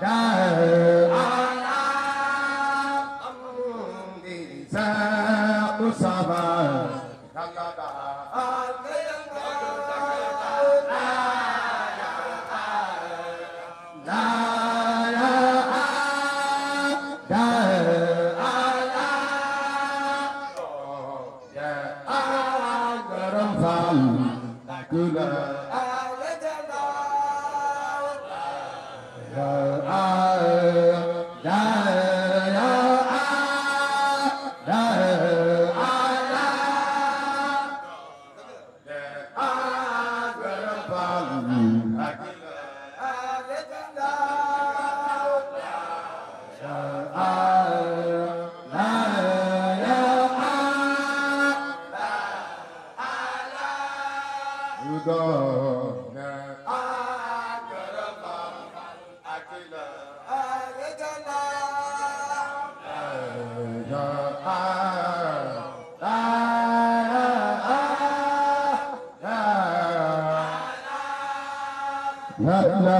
die. back.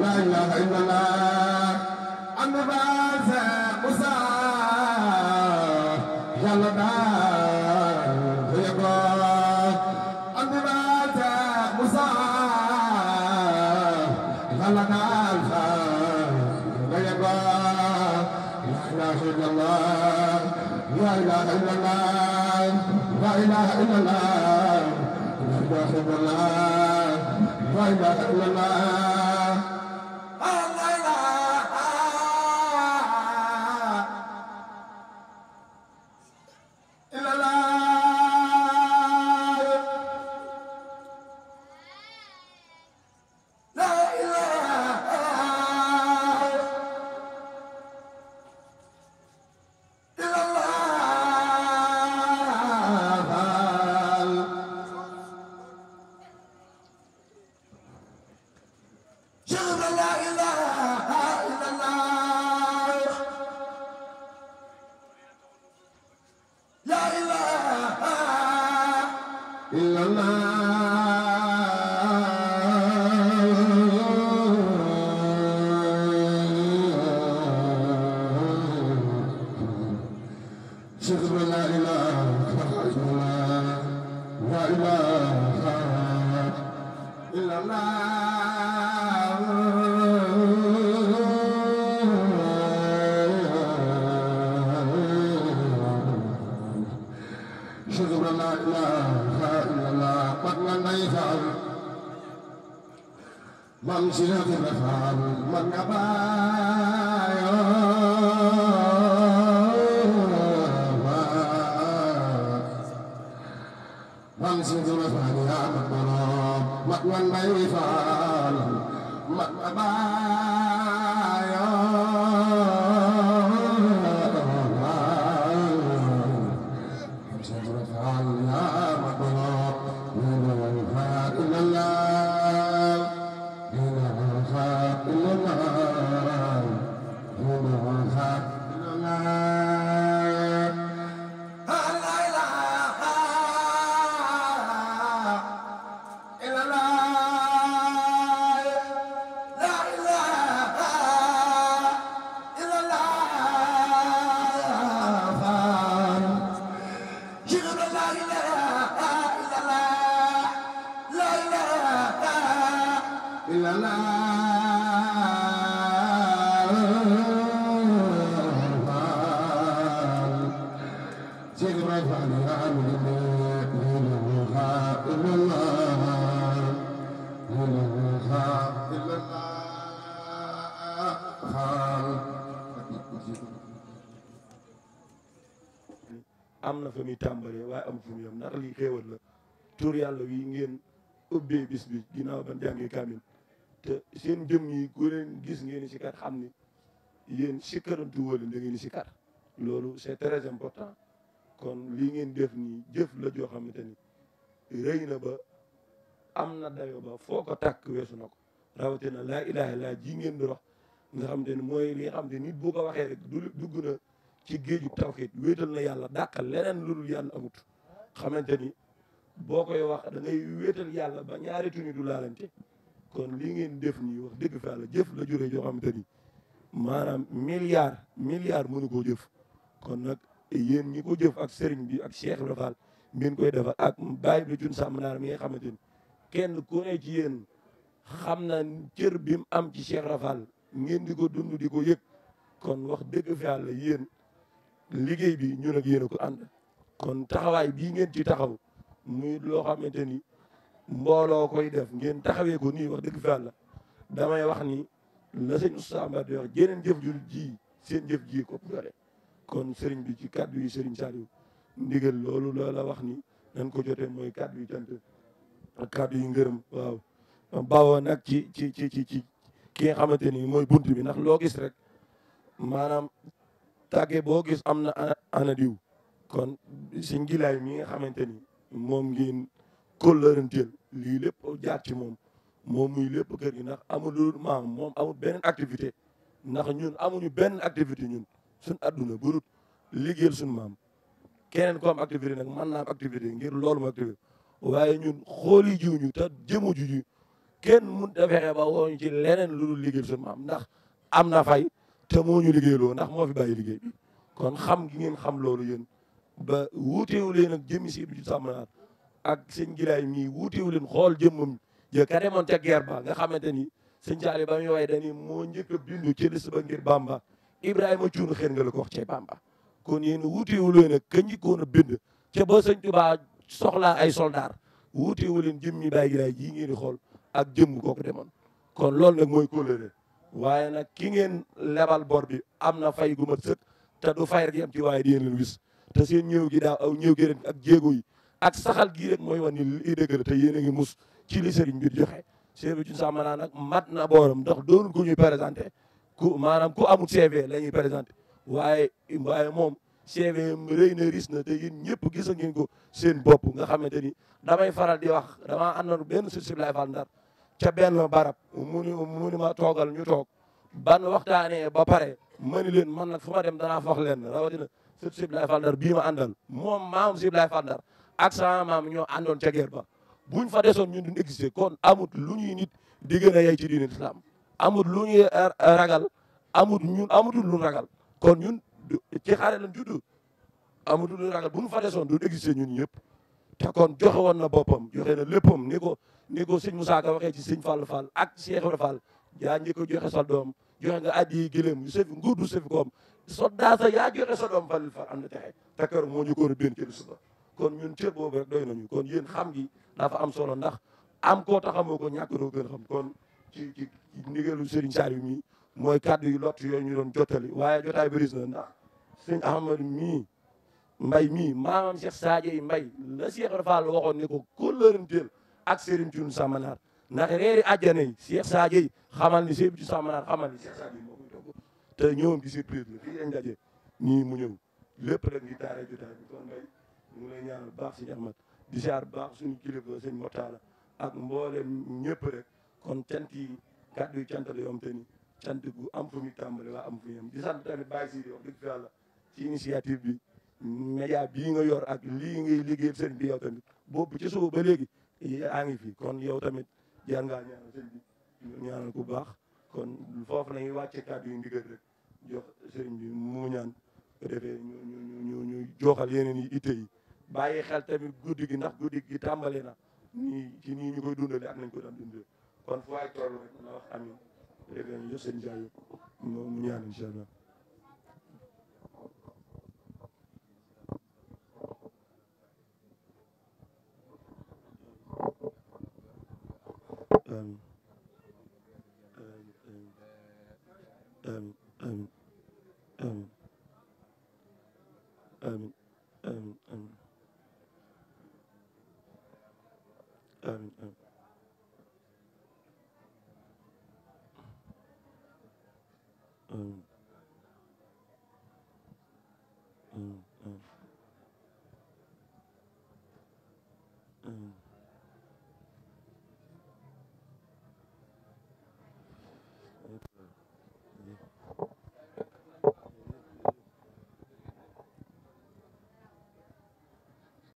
لا إله إلا الله أنا بازا موسى يلا دا يبا أنا بازا موسى يلا دا يبا لا إله إلا الله لا إله إلا الله لا إله إلا الله لا إله إلا الله لا إله إلا الله am my la am na fa muy tàmbalee waaye am fu mu yem ndax lii xéewal la tur yàlla wi ngeen ubbee bis bi ginnaaw ban jàngee kamil te seen jëm yi ku leen gis ngeen si kat xam ni yéen sikkarantu wóolen da ngeen si kat loolu c'est très important kon lii ngeen def nii jëf la joo xamante ni rëy na ba am na dayo ba foo ko tàkk weesu na ko rawatina laa ilaha illaa ji ngeen di wax nga xam te ne mooy li nga xam te boo ko waxee rek dugg na ci géeju tawxiid wéetal na yàlla dàqal leneen lu dul yàlla amut xamante ni boo koy wax da ngay wéetal yàlla ba ñaari tuni du laalante kon lii ngeen def nii wax dëgg fa la jëf la jure joo xamante ni maanaam milliard milliard mënu koo jëf kon nag yéen ñi ko jëf ak sëriñ bi ak Cheikh Ibrahima Fall ngeen koy defal ak bàyyi bi jun sàmm naar mi nga xamante kenn ku ne ci yéen xam na cër bi mu am ci Cheikh Rafal ngeen di ko dund di ko yëg kon wax dëgg fi yàlla yéen liggéey bi ñu ak yéen ko ànd kon taxawaay bii ngeen ci taxaw muy loo xamante ni mbooloo koy def ngeen taxawee ko nii wax dëgg fi yàlla damay wax ni la sëñ Moussa Mbacke di wax jeneen jëf ju ji seen jëf jii ko doole kon sëriñ bi ci kàddu yi sëriñ Saliou ndigal loolu loola wax ni nañ ko jotee mooy kàddu yi cant kàddu yu ngërëm baawo nag ci ci ci ci ci ki nga xamante ni mooy bunt bi ndax loo gis rek maanaam tàgge boo gis am na ana diw kon sëñ Gilaay mi nga xamante ni moom ngeen kóllëranteel lii lépp jaar ci moom moom muy lépp kër gi ndax amul maam moom amul beneen activité ndax ñun amuñu benn activité ñun suñ adduna burut liggéeyal suñ maam keneen ko am nag mën naa am activité ngir loolu mu activité waaye ñun xooli jiw ñu te jëmu ju ñu kenn mënut fexe ba woo ñu ci leneen lu dul liggéey suñu maam ndax am na fay te moo ñu liggéeyloo ndax moo fi bàyyi liggéey kon xam gi ngeen xam loolu yéen ba wuuteewu leen ak jëmmi si du ak sëñ gilaay mii wuuteewu leen xool jëmmam jë ka demoon ca ba nga xamante ni sëñ Saali ba waaye dañuy moo njëkk a bindu ci liste ngir Bamba Ibrahima cuun xër nga la kox wax ci Bamba kon yéen wuuteewu leen ak ka njëkkoon a bind ca ba sëñ Tuubaa soxlaa ay soldaar wuute wu leen jëmmi Baay Giraay jii ngeen di xool ak jëmm kooku demoon kon loolu nag mooy kóllëre waaye nag ki ngeen lebal bor bi am na fay gu mat sëkk te du fay rek yem ci waaye di ngeen leen wis te seen ñëw gi daaw aw ñëw gi ren ak jéego yi ak saxal gii mooy wan ni li dëgg la yéen a ngi mus ci li sëriñ bi joxe Cheikh Diouf sax maanaam nag mat na booram ndax doonul ku ñuy présenté ku maanaam ku amul CV la ñuy présenté waaye waaye moom CVM rëy ne riis na te yéen ñëpp gis ngeen ko seen bopp nga xamante ni damay faral di wax damaa àndoon benn suuf si laay fal ndar ca benn barab mu ni mu ni ma toogal ñu toog ban waxtaanee ba pare ma ni leen man nag fu dem danaa fox leen rawatina suuf si laay fal ndar bii ma àndal moom maam si laay fal ndar ak sama maam ñoo àndoon ca guerre ba buñ fa soon ñun duñ existé kon amut lu ñuy nit di gën a yey ci diine islam amut lu ragal amut ñun amutul lu ragal kon ñun. ci xare lañ judd Amadou lu ragal bu ñu fa desoon du exister ñun ñëpp te kon joxe woon na boppam joxe na léppam ni ko ni ko sëñ Moussa Ka waxee ci sëñ Fall Fall ak Cheikh Ibrahima Fall yaa ngi ko joxe sa doom joxe nga addi gëléem yu sëfi nguur du sëfi koom soldat sa yaa joxe sa doom Fall Fall am na texe te kër moo ñu ko woon benn cër suba kon ñun cër boobu rek doy nañu kon yéen xam gi dafa am solo ndax am koo taxamoo ko ñàkk doo gën xam kon ci ci ndigalu Serigne Saliou mi mooy kàddu yi lott yooyu ñu doon jottali waaye jotaay bëris na ndax sëñ Ahmad mii mbay mii maamam Cheikh yi mbay la Cheikh Rafal waxoon ne ko ak Serigne Thioune Samanaar ndax reeri àjjana yi Cheikh Sadio yi xamal ni Serigne Thioune Samanaar xamal ni Cheikh Sadio moo koy togg te ñëwam bi surprise la fii lañ daje ñii mu ñëw lépp rek ngi taaree jotaay ngi lay ñaanal baax di ziar baax suñu kilifa sëñ ak mboole ñëpp rek kon cant yi kàddu yu cant la yom te cant bu am fu muy tàmbali waa am fu muy yem di sant tamit Baye Sidi wax dëgg fi yàlla ci initiative bi média bii nga yor ak lii ngay liggéey sëñ bi yow boobu ci suba ba léegi yaa ngi fi kon yow tamit jaar ngaa ñaanal bi ñaanal ku baax kon foofu la ñuy wàcce kàddu yu ndigal rek jox sëriñ bi mu ñaan ko defee ñu ñu ñu yeneen yi itte yi bàyyi xel tamit guddi gi ndax guddi gi tàmbale na nii ci nii ñu koy dundale ak nañ ko daan dundale kon fu waay toll rek na wax amin Eren, seen jaay mu ñaan incha allah amin amin amin